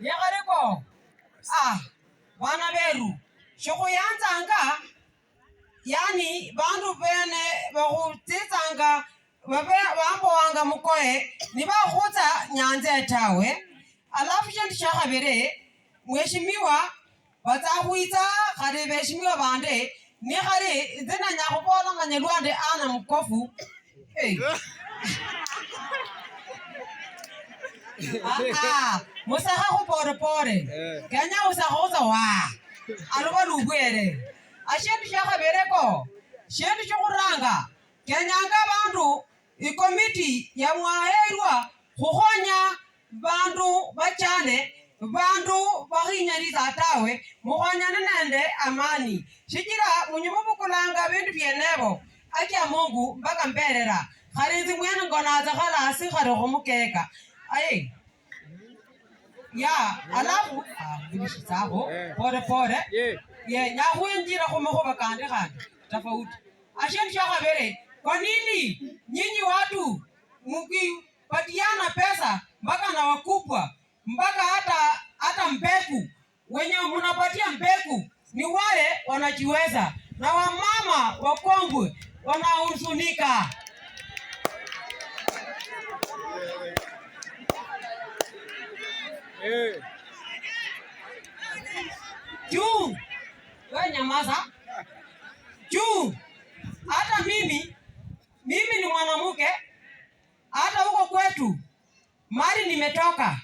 Nyakareko. Ah, wana beru. Shoko yanzanga. Yani bandu bene bakutsitsanga bambo wanga mukoe nibakhutsa nyanza tawe alafu shindu shakhabiri mheshimiwa watsakhwitsa khali beshimiwa bande nikhali nze nanya khubolanga nyalwande ana mukofu hey. musaha khuporepore eh. kenya usakha usawa aloba lubwere ashindu shakhabereko shindu shokhuranga kenyanga abandu ikomiti yamwaherwa khukhonya bandu bachane bandu bakhinyalisa tawe mukhonyane nende amani shichira munyimubukulanga bindu byenebo akia mungu mpaka mberera khari nzi mwene ngonaza khalasi khari khumukeka Hey. Ya, alafu vilisha ah, sabo pore pore. Ye, na wenjira khumakhuva kandi khandi tofauti. Ashindu shakhavere, kwa nini nyinyi watu mukipatiana pesa mpaka na wakubwa mpaka hata hata mbeku wenye munapatia mbeku ni wale wanajiweza na wamama wakongwe wanahuzunika. Eh. Juu. Wewe nyamaza. Juu. Hata mimi mimi ni mwanamke. Hata huko kwetu mali nimetoka.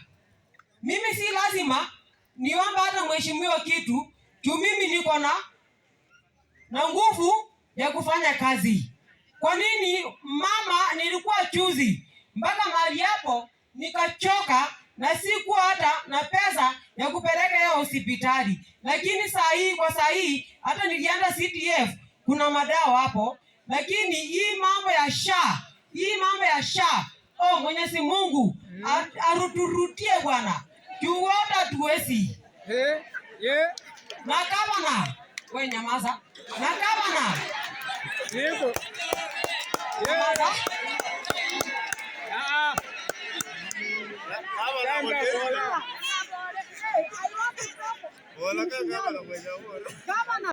Mimi si lazima niomba hata mheshimiwa kitu juu mimi niko na na nguvu ya kufanya kazi. Kwa nini mama, nilikuwa chuzi mpaka mahali hapo nikachoka na sikuwa hata na pesa ya kupeleka hiyo hospitali, lakini saa hii kwa saa hii hata nilienda CTF kuna madawa hapo, lakini hii mambo ya sha hii mambo ya sha oh, Mwenyezi Mungu hmm. aruturutie bwana, tuwote hatuwezi hey, yeah. na gavana we nyamaza, na gavana 不需要。